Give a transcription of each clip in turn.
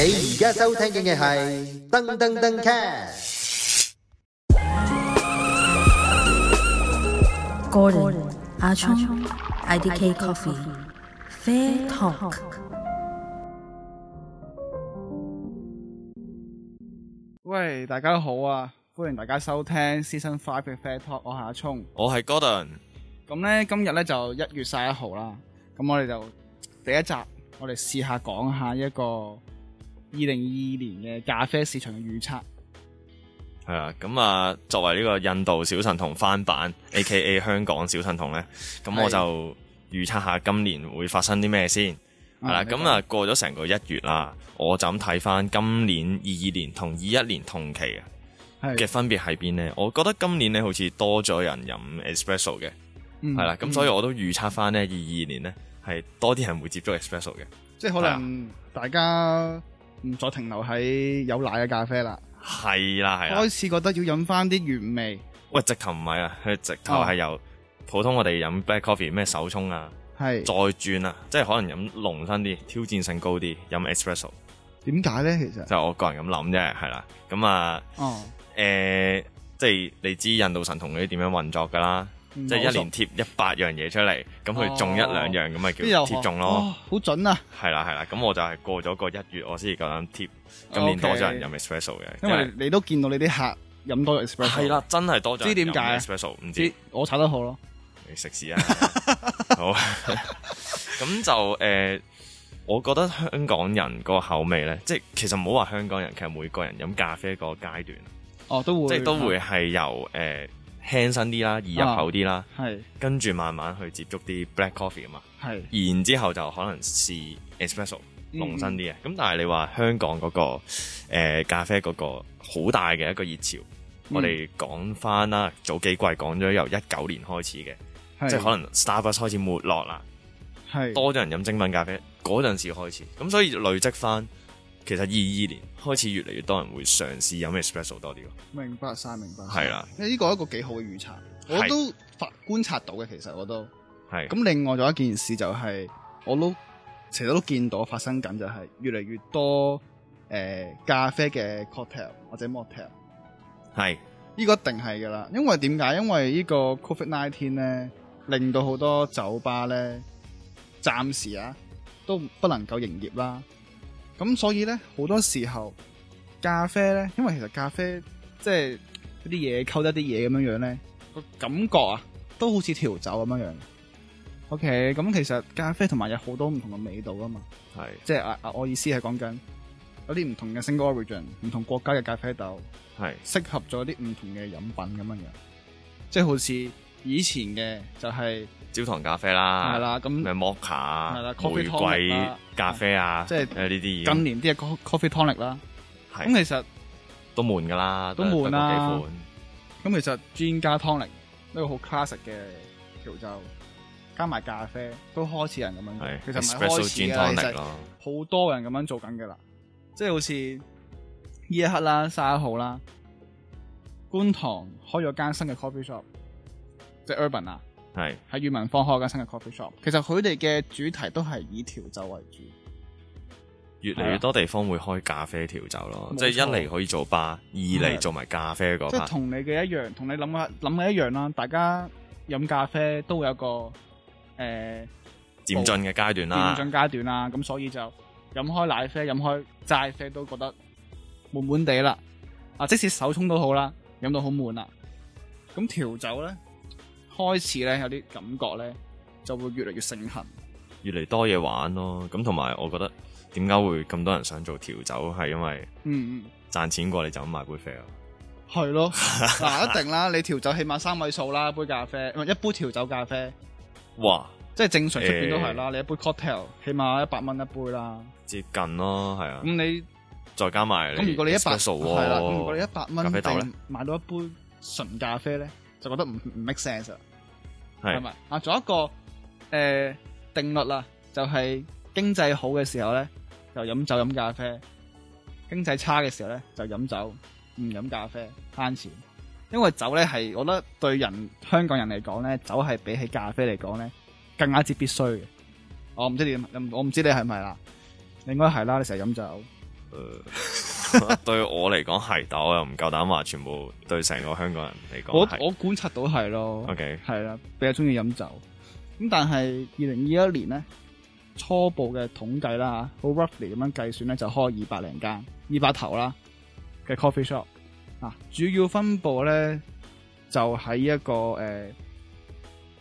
你而家收聽嘅係噔噔噔 cast。Gordon，阿聰，IDK Coffee，Fair Talk。喂，大家好啊，歡迎大家收聽 Season Five 嘅 Fair Talk 我。我係阿聰，我係 Gordon。咁咧今日咧就一月卅一號啦，咁我哋就第一集，我哋試下講下一個。二零二二年嘅咖啡市場嘅預測，係啊，咁啊，作為呢個印度小神童翻版 A.K.A 香港小神童呢，咁我就是的 預測下今年會發生啲咩先，係啦、啊，咁啊你看 過咗成個一月啦，我就咁睇翻今年二二年同二一年同期嘅分別喺邊呢？是的 我覺得今年呢、e，好似多咗人飲 espresso 嘅，係啦，咁所以我都預測翻呢，二二、嗯、年呢，係多啲人會接觸 espresso 嘅，即係可能大家、啊。唔再停留喺有奶嘅咖啡啦，係啦、啊，係啦、啊、開始覺得要飲翻啲原味。喂，直頭唔係啊，佢直頭係由普通我哋飲 black coffee 咩手沖啊，係是再轉啊，即係可能飲濃身啲，挑戰性高啲，飲 espresso。點解咧？其實就係我個人咁諗啫，係啦。咁啊，啊哦，誒、呃，即係你知印度神同你啲點樣運作噶啦。即係一年貼一百樣嘢出嚟，咁佢中一兩樣咁咪叫貼中咯，好準啊！係啦係啦，咁我就係過咗個一月，我先至夠膽貼今年多咗人飲 Espresso 嘅，因為你都見到你啲客飲多咗 Espresso 係啦，真係多咗。唔知點解？Espresso 唔知我炒得好咯，你食屎啊！好，咁就誒，我覺得香港人個口味咧，即係其實唔好話香港人，其實每個人飲咖啡個階段哦，都會即係都會係由誒。輕身啲啦，易入口啲啦，啊、跟住慢慢去接觸啲 black coffee 啊嘛，是然之後就可能試 espresso 濃、嗯、身啲嘅，咁但係你話香港嗰、那個、呃、咖啡嗰個好大嘅一個熱潮，嗯、我哋講翻啦，早幾季講咗由一九年開始嘅，是即係可能 Starbucks 開始沒落啦，是多咗人飲精品咖啡嗰陣時開始，咁所以累積翻。其實二二年，開始越嚟越多人會嘗試飲咩 special 多啲咯。明白晒，明白。係啦，呢個係一個幾好嘅預測，我都發是 觀察到嘅。其實我都係。咁是 另外仲有一件事就係、是，我都其實都見到發生緊就係，越嚟越多誒、呃、咖啡嘅 cocktail 或者 mocktail 係，呢個一定係噶啦，因為點解？因為這個 CO 呢個 Covid nineteen 咧，令到好多酒吧咧，暫時啊都不能夠營業啦。咁所以咧，好多時候咖啡咧，因為其實咖啡即係啲嘢溝得啲嘢咁樣樣咧，個感覺啊，都好似調酒咁樣樣。OK，咁其實咖啡同埋有好多唔同嘅味道啊嘛，是即係啊啊，我意思係講緊有啲唔同嘅 single origin，唔同國家嘅咖啡豆，是適合咗啲唔同嘅飲品咁樣樣，即係好似。以前嘅就係焦糖咖啡啦，係啦，咁咩摩卡啊，玫瑰咖啡啊，即係呢啲。近年啲嘅 coffee tonic 啦，咁其實都悶㗎啦，都悶啦。咁其實 gin 加 tonic 呢個好 classic 嘅調酒加埋咖啡都開始人咁樣，其實唔係開始嘅，其實好多人咁樣做緊㗎啦，即係好似呢一刻啦，卅一號啦，觀塘開咗間新嘅 coffee shop。即 Urban 啊，係喺裕民坊開間新嘅 coffee shop。其實佢哋嘅主題都係以調酒為主，越嚟越多地方會開咖啡調酒咯。啊、即係一嚟可以做吧錯，二嚟做埋咖啡嗰。即係同你嘅一樣，同你諗嘅諗嘅一樣啦、啊。大家飲咖啡都有個誒、欸、漸進嘅階段啦，漸進階段啦、啊。咁所以就飲開奶啡、飲開齋啡都覺得悶悶哋啦。啊，即使手沖都好啦，飲到好悶啦。咁調酒咧？開始咧有啲感覺咧，就會越嚟越盛行，越嚟多嘢玩咯。咁同埋，我覺得點解會咁多人想做調酒，係因為嗯嗯賺錢過你就咁買杯啡、嗯、咯，係咯嗱，一定啦。你調酒起碼三位數啦，一杯咖啡一杯調酒咖啡，哇！嗯、即係正常出面、欸、都係啦。你一杯 cocktail 起碼一百蚊一杯啦，接近咯，係啊。咁你再加埋，咁如果你一百數咁如果你一百蚊買到一杯純咖啡咧，就覺得唔唔 make sense。係咪？啊，仲是有一個誒、呃、定律啦，就係、是、經濟好嘅時候咧，就飲酒飲咖啡；經濟差嘅時候咧，就飲酒唔飲咖啡慳錢。因為酒咧係，我覺得對人香港人嚟講咧，酒係比起咖啡嚟講咧，更加之必須嘅。我唔知你，我唔知你係唔係啦，你應該係啦，你成日飲酒。呃 對我嚟講係，但我又唔夠膽話全部對成個香港人嚟講。我我觀察到係咯，OK，係啦，比較中意飲酒。咁但係二零二一年咧，初步嘅統計啦吓，好 roughly 咁樣計算咧，就開二百零間、二百頭啦嘅 coffee shop。嗱，主要分布咧就喺一個誒、呃、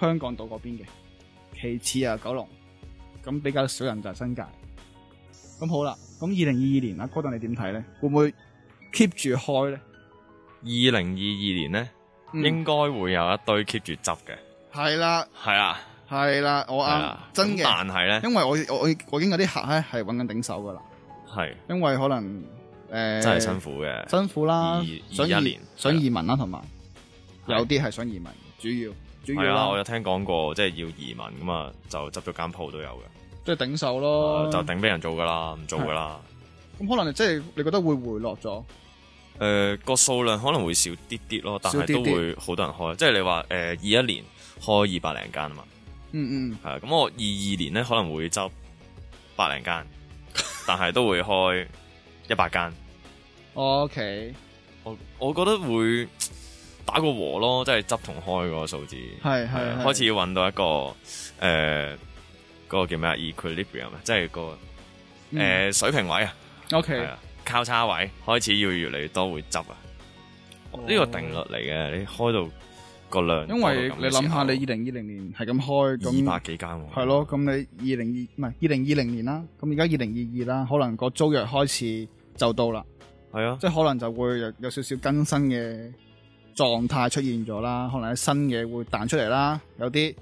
香港島嗰邊嘅，其次啊九龍，咁比較少人就係新界。咁好啦。咁二零二二年阿哥，你點睇咧？會唔會 keep 住開咧？二零二二年咧，應該會有一堆 keep 住執嘅。係啦，係啊，係啦，我啱，真嘅。但係咧，因為我我我已經有啲客咧係揾緊頂手噶啦。係，因為可能誒，真係辛苦嘅，辛苦啦。二二一年想移民啦，同埋有啲係想移民，主要主要。係啊，我有聽講過，即係要移民噶嘛，就執咗間鋪都有嘅。即係頂手咯，就頂俾人做噶啦，唔做噶啦。咁可能即係你覺得會回落咗？誒、呃，個數量可能會少啲啲咯，但係都會好多人開。點點即係你話誒，二一年開二百零間啊嘛。嗯嗯。係咁我二二年咧可能會執百零間，但係都會開一百間。OK，我我覺得會打個和咯，即係執同開嗰個數字係係，開始要搵到一個誒。呃個個叫咩 Equilibrium 啊，rium, 即係、個、嗯呃、水平位啊。OK，靠叉位開始要越嚟越多會執啊。呢、哦、個定律嚟嘅，你開到個量，因為你諗下，你二零二零年係咁開，二百幾間喎。係咯，咁你二零二唔係二零二零年啦，咁而家二零二二啦，可能個租約開始就到啦。係啊，即可能就會有，有少少更新嘅狀態出現咗啦，可能係新嘢會彈出嚟啦，有啲。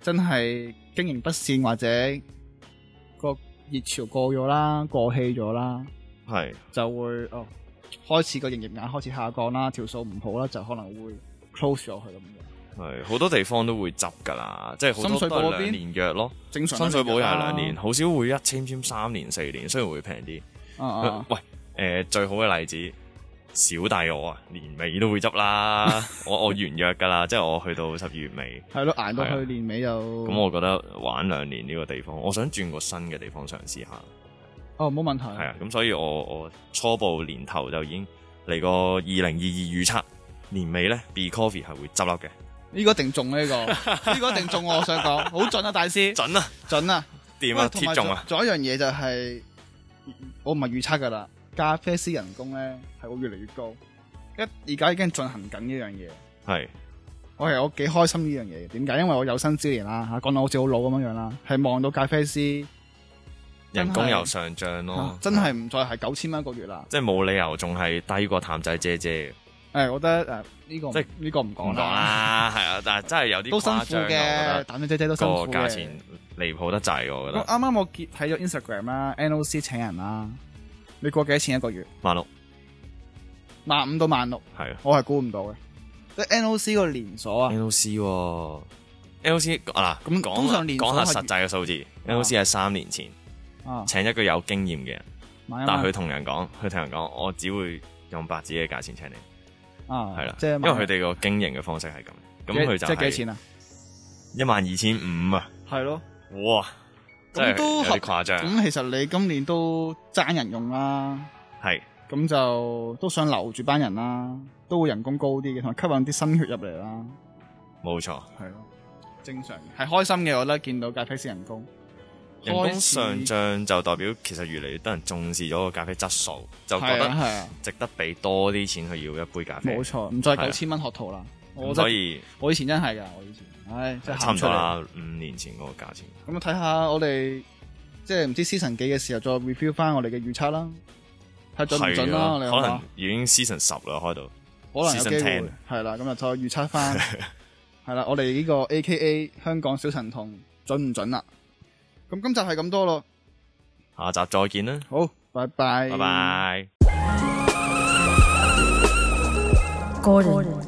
真係經營不善或者個熱潮過咗啦，過氣咗啦，係是 就會哦開始個營業額開始下降啦，條數唔好啦，就可能會 close 咗佢咁樣。係好多地方都會執㗎啦，即係好多都係兩年約咯，正常。深水埗又係兩年，好、啊、少會一簽簽三年四年，雖然會平啲。啊啊喂、呃，最好嘅例子。小弟我啊，年尾都會執啦， 我我完約噶啦，即係我去到十二月尾。係咯， 挨到去年尾就。咁、啊、我覺得玩兩年呢個地方，我想轉個新嘅地方嘗試下。哦，冇問題。係啊，咁所以我我初步年頭就已經嚟個二零二二預測，年尾咧 B Coffee 係會執笠嘅。呢個一定中呢、啊這個，呢 個一定中、啊。我想講，好準啊，大師。準啊，準啊。點啊？貼、啊、中啊？仲有，有一樣嘢就係、是，我唔係預測噶啦。咖啡師人工咧係會越嚟越高，一而家，已經進行緊呢樣嘢。係是我係我幾開心呢樣嘢，點解？因為我有生之年啦吓，講到好似好老咁樣樣啦，係望到咖啡師人工又上漲咯、嗯，真係唔再係九千蚊一個月啦。即係冇理由仲係低過譚仔姐姐嘅。誒、嗯，我覺得誒呢、呃這個即係呢個唔講啦，係啊， 但係真係有啲都辛苦嘅，譚仔姐姐都辛苦。個價錢離譜得滯，我覺得。啱啱我睇咗 Instagram 啦，NOC 請人啦。你過幾多錢一個月？萬六、萬五到萬六，係啊，我係估唔到嘅。即 NOC 個連鎖啊，NOC，NOC 嗱，咁講啊，講下實際嘅數字，NOC 係三年前請一個有經驗嘅人，但係佢同人講，佢同人講，我只會用白紙嘅價錢請你，係啦，即係因為佢哋個經營嘅方式係咁，咁佢就即係幾錢啊？一萬二千五啊，係咯，哇！都誇張。咁、啊、其實你今年都爭人用啦係，係，咁就都想留住班人啦，都會人工高啲嘅，同埋吸引啲新血入嚟啦。冇錯，係咯，正常，係開心嘅。我覺得見到咖啡師人工，人工上漲就代表其實越嚟越多人重視咗個咖啡質素，就覺得係，值得俾多啲錢去要一杯咖啡。冇錯，唔再九千蚊學徒啦。係啊我以，我以前真係噶，我以前，唉，即係喊出差唔多啦，五年前嗰個價錢。咁啊，睇下我哋即係唔知 season 幾嘅時候再 review 翻我哋嘅預測啦。睇準唔準啦？我哋可能已經 season 十啦，開到。可能有機會。係啦，咁啊再預測翻。係啦，我哋呢個 AKA 香港小神童準唔準啦？咁今集係咁多咯。下集再見啦。好，拜拜拜拜。Gordon